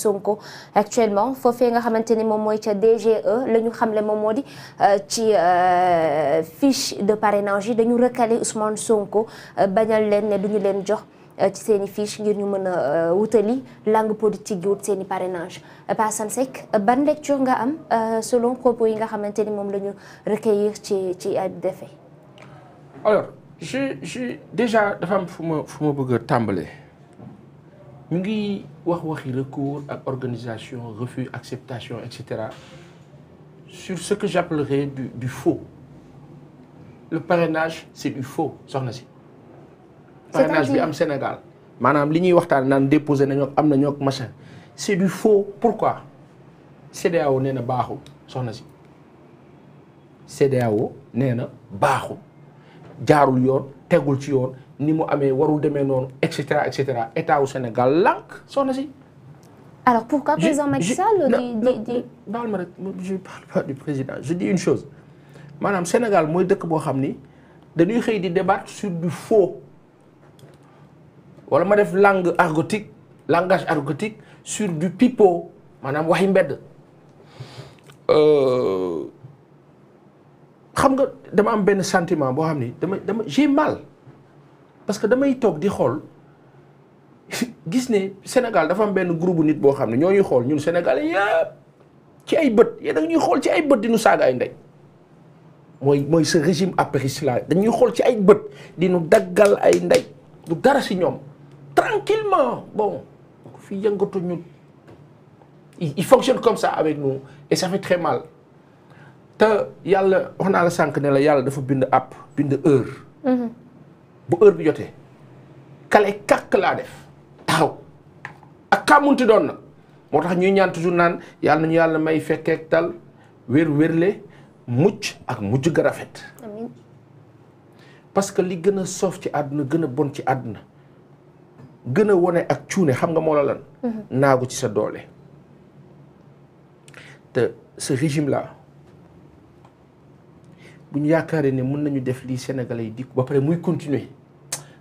Sonko actuellement fofé nga xamante mom moy e, euh, ci DGE lañu xamlé mom modi ci fiche de parrainage dañu recalé Ousmane Sonko euh, bañal leen ne duñu leen jox euh, ci seen fiche ngir ñu mëna a wutali langue politique yi wut seen i parrainage Pa Assane Seck ban lecture nga am selon propos yi nga xamante mom lañu recueillir ci ci ay défait alors je je déjà dafa am fu ma bëgg tambalé ñu ngi wax waxi recours ak organisation refus acceptation etc. sur ce que j'appellerais du faux le parrainage c'est du faux soxna si. parrainage bi am Sénégal. Madame li a waxtaan naan déposé nous am na machin c'est du faux pourquoi CEDEAO nee na baaxul soxna si CEDEAO C'est na baaxul jaarul yoon tegul ci ni Mohamed, amé warul démé non et etc état au Sénégal lank sont alors pourquoi président Macky Sall. baal rek je parle pas du président je dis une chose manam Sénégal moy dëkk bo xamni dañuy xey di débattre sur du faux wala ma def langue argotique langage argotique sur du pipeau Madame, je mbedd. Euh, xam nga dama am ben sentiment bo xamni dama j'ai mal. parce que damay toog di xool gis ne Sénégal dafa am benn groupe nit boo xam ne ñoo ñuy xool ñun Sénégalais yëpp ci ay bët yéen a ñuy ci ay bët di nu saaga ay ndey mooy mooy sa régime après cela dañuy xool ci ay bët di nu daggal ay ndey du dara si ñoom tranquillement bon fi yëngatu ñun il fonctionne comme ça avec nous et ça fait très mal te yàlla wax la sànq ne la yàlla dafa bind app bind heure mm-hmm. bu heure bi jotee kale kàkk laa def taxaw ak kàmmunti doon na moo tax ñuy ñaan toujours naan yàlla nañu yàlla may fekkeek tal wér wérle mucc ak mujj ga rafet parce que li gën a soof ci àdduna gën a bon ci àdduna gën a wone ak cuune xam nga moo la lan mhm. naagu ci sa doole te ce régime là bu ñu yaakaaree ne mën nañu def lii Sénégalais yi di ba pare muy continuer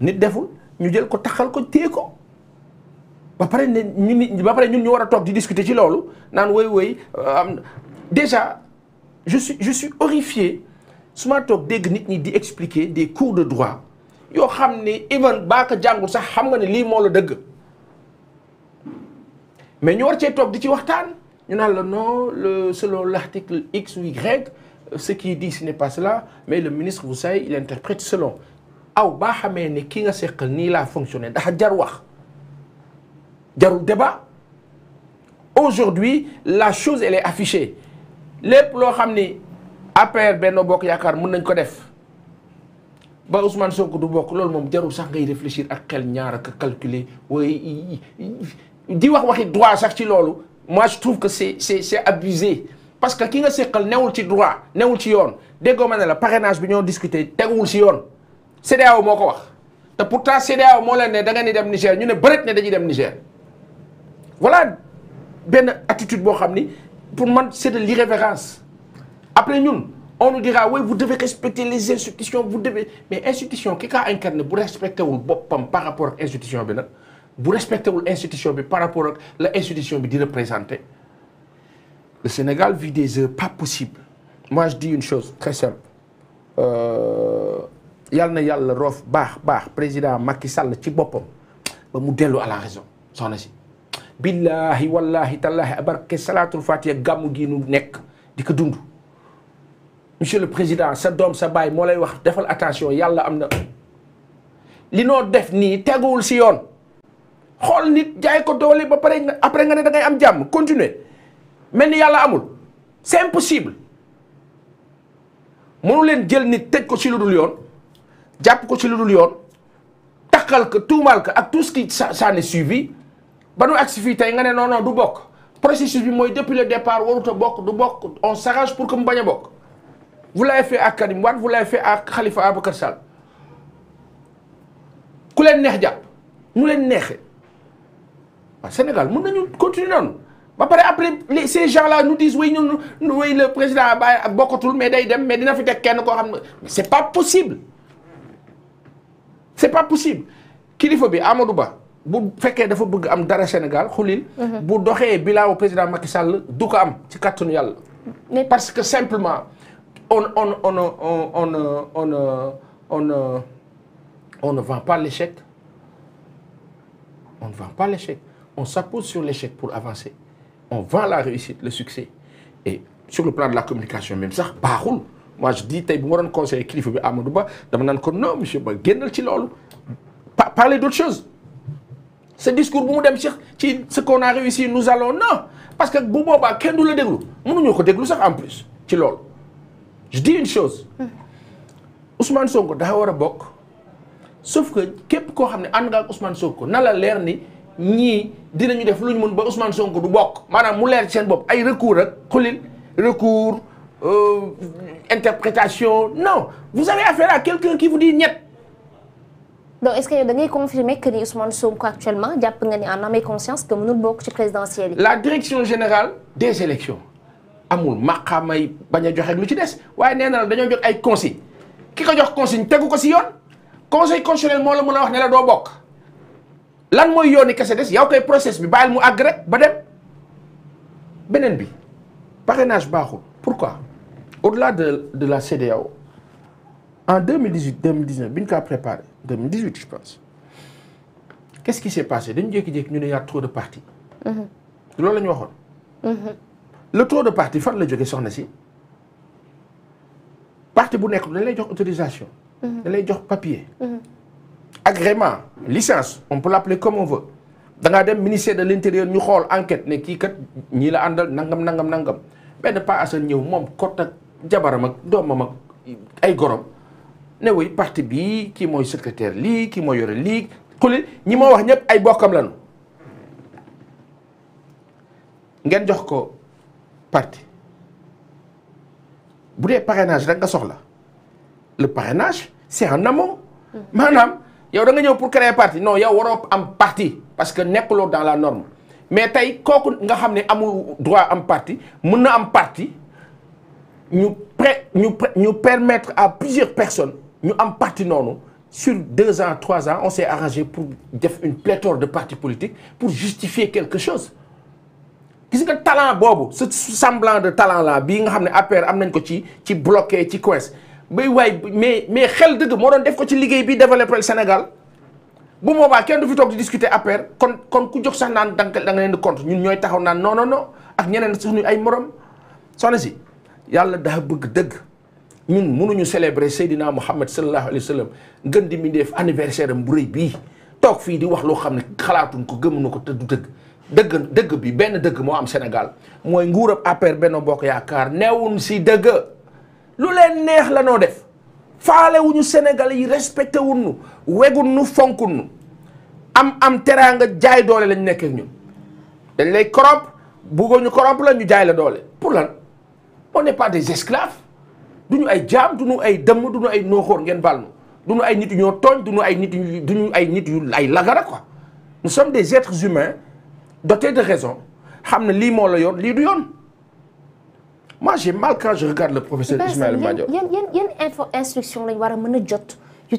nit deful ñu jël ko taxal ko ko ba ne ni ba pare ñun ñu discuter ci euh, déjà je suis je suis horrifié su ma toog nit di expliquer des cours de droit yoo xam even jàngul sax xam nga ne mais ñu war cee di ci waxtaan ñu non le selon l'article X ou Y ce qui dit ce n'est pas cela mais le ministre vous savez il interprète selon aw baa xamee ne ki nga sékkal ni la fonctionné da jar wax jarul débat aujourd'hui la chose elle est affichée lépp lo xam APR Benno bok yakar mën nañ ko def ba Ousmane Sonko du bok loolu mom jarul sax ngay réfléchir ak xel ñaar ak calculer waaye di wax waxi droit sax ci loolu moi je trouve que c'est c'est c'est abusé parce que ki nga sékkal néwul ci droit néwul ci yoon déggoo ma la parrainage bi ñoo discuter téwul ci yoon c'est là ko wax te pourtant CEDEAO mo leen ne da nous sommes dem Niger ñu ne bëreet ne dañuy dem Niger voilà une attitude bo pour moi c'est de l'irrévérence après nous on nous dira oui vous devez respecter les institutions vous devez mais institution qui ka incarné bu respecter wul bopam par rapport à institutions bi respectez bu respecter institution par rapport à institutions institution bi di représenter le Sénégal vit des heures pas possibles moi je dis une chose très simple. Euh... yàlla na yàlla roof baax baax président Macky Sall ci boppam ba mu dellu à la raison soxna si billaahi wallaahi tallaahi abarke salaatul fatiha gàmmu gi nu nekk di ko dund monsieur le président sa doom sa baay moo lay wax defal attention yàlla am na li noo def ni teguwul si yoon xool nit jaay ko doole ba pare après nga ne da am jàmm continuer mel ni yàlla amul c'est impossible mënu leen jël nit teg ko si lu dul yoon jàpp ko ci lu dul yoon takkal ko tuumaal ko ak tout ce qui s'en est suivi ba nu agsi fii tey nga non non du bokk processus bi mooy depuis le départ warut a bokk du bokk on s'arrange pour que mu bañ vous l'avez fait ak Karim Wade vous l'avez fait ak Khalifa Ababacar Sal. ku leen neex jàpp mu leen neexee waa Sénégal mën nañu continuer noonu ba pare après ces gens là nous disent oui ñun oui le président Abaye bokkatul mais day dem mais dina fi teg kenn koo xam c'est pas possible c'est pas possible kilifa bi Amadou Ba bu fekkee dafa bëgg am dara Sénégal xulil. Mhm. bu doxee bilaawu président Macky Sall du ko am ci parce que simplement on on on on on on on ne vend pas l'échec on ne vend pas l'échec on s'appose sur l'échec pour avancer on vend la réussite le succès et sur le plan de la communication même sax baaxul moi je dis tey bu ma conseiller kilifa bi Amadou Ba dama nan ko non monsieur Ba gennal ci loolu parler d'autre chose ce discours bu mu dem cheikh ci ce qu'on a réussi nous allons non parce que bu boba ken du la déglu mënuñoo ko déglu sax en plus ci loolu je dis une chose Ousmane Sonko da wara bok sauf que kep ko xam ne nga Ousmane Sonko na la leer ni ñii dinañu def luñu ñu mën ba Ousmane Sonko du bok manam mu leer ci sen bop ay recours ak khulil recours euh, interprétation. Non, vous avez affaire à quelqu'un qui vous dit niet. Donc, est-ce que vous avez confirmé que Ousmane sommes actuellement en âme et conscience que nous sommes présidentiel La direction générale des élections. amour, maqaamay bañ a joxe lu ci des waaye nee des conseils. ay consigne ki ko jox consigne tegu ko si yoon conseil constitutionnel moo la mën a wax ne la doo bokk lan des yow process mi, bàyyil mou àgg rek ba dem bi parrainage pourquoi au-delà de, de, la CDAO, en 2018-2019, Binka préparé, 2018 je pense, qu'est-ce qui s'est passé Nous a dit qu'il y a trop de partis. C'est ce que nous avons Le trop de partis, il faut le dire que parti bu nekk dañ lay jox autorisation. Mm-hmm. des lay jox papier. Mm-hmm. agrément licence on peut l'appeler comme on veut da le dem ministère de l'intérieur ñu xool enquête ne kii kat ñii la àndal nangam nangam nangam benn pas asan un peu de temps. jabaram ak doomam ak ay gorom ne wuy parti bi kii mooy secrétaire lii ki mooy yore lii xuli ni ma wax ñëpp ay bokkam lanu ngeen jox ko parti bu dee parrainage rek nga soxla le parrainage c'est en amont maanaam yow da nga ñëw pour créer parti non yow waro am parti parce que nekkuloo dans la norme mais tey kooku nga xam ne amul droit am parti muna am parti nous permettre à plusieurs personnes nous en non non sur deux ans trois ans on s'est arrangé pour une pléthore de partis politiques pour justifier quelque chose qu'est-ce talent Bobo, ce semblant de talent là bien nga xam ne APR am ko ci ci bloqué ci coince Mais, mais mais xel de def ko ci ligue bi le Sénégal bu du fi discuter APR kon kon ku jox que da nga dans compte ñun non non non ak suñu ay morom yàlla dafa bëgg dëgg ñun mënuñu célébrer Seydina Muhammad sallallahu alayhi wa sallam ngën di mindeef anniversaire am bu rëy bii toog fii di wax loo xam ne xalaatuñ ko nu ko te du dëgg dëgg dëgg bi benn dëgg moo am senegal mooy nguurab APR benn Bokk Yaakaar neewuñ si dëgg lu leen neex la noo def faale senegal yi respecté wuñu weguñu fonkuñu am am teraanga jaay doole lañ nekkee ñun dañ lay koromp buggoo ñu koromp la ñu jaay la doole on n'est pas des esclaves nous ay des duñu ay dëmm duñu ay nous sommes des ma duñu ay nit yu ñoo tooñ duñu ay nit yu duñu ay nit ay quoi nous sommes des êtres humains dotés de raison xam ne lii la moi j'ai mal quand je regarde le professeur ben, Ismaël Madior. yan yan yan info instruction lañ war a mën jot yu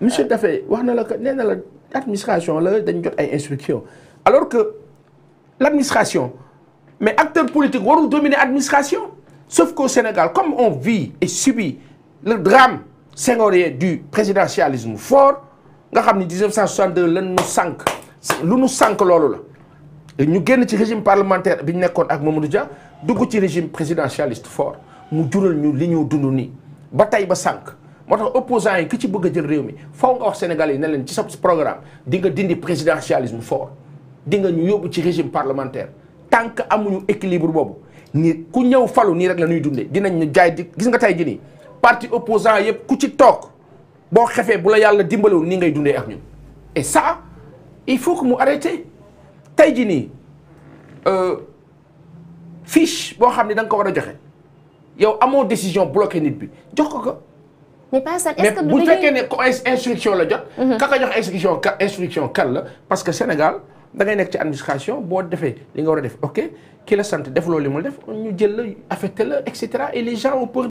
monsieur Tafé, euh, wax a la que nee na la administration instructions alors que l'administration, mais acteur politique warul dominer administration. Sauf qu'au Sénégal, comme on vit et subit le drame sénégalais du présidentialisme fort, nga avons 1962 nous nous sànq Nous nous sank régime parlementaire ak Dia régime présidentialiste fort Nous jural ñu li ñu bataille ba ba opposants ki ci a jël réew Sénégalais programme di présidentialisme fort le régime parlementaire tant que équilibre ni ku ñëw falu nii rek la ñuy dundee dinañ ñu jaay di gis parti opposant yëpp ku ci tok bo xefee bu la yalla dimbalewul ni ngay dundé ak ñun et ça il faut que mu arrêté tey ni euh fiche bo xamni ne da nga ko wara joxé yow amo décision bloquer nit bi jox ko ko. mais pas ça est-ce que bu fekkee ne instruction la jot. Mhm. ka ko jox instruction instruction kan la parce que Sénégal da ngay nekk ci administration boo defee li nga war a def ok ki la sant def loolu li mu def ñu jël la affecté la et cetera et les gens ont peur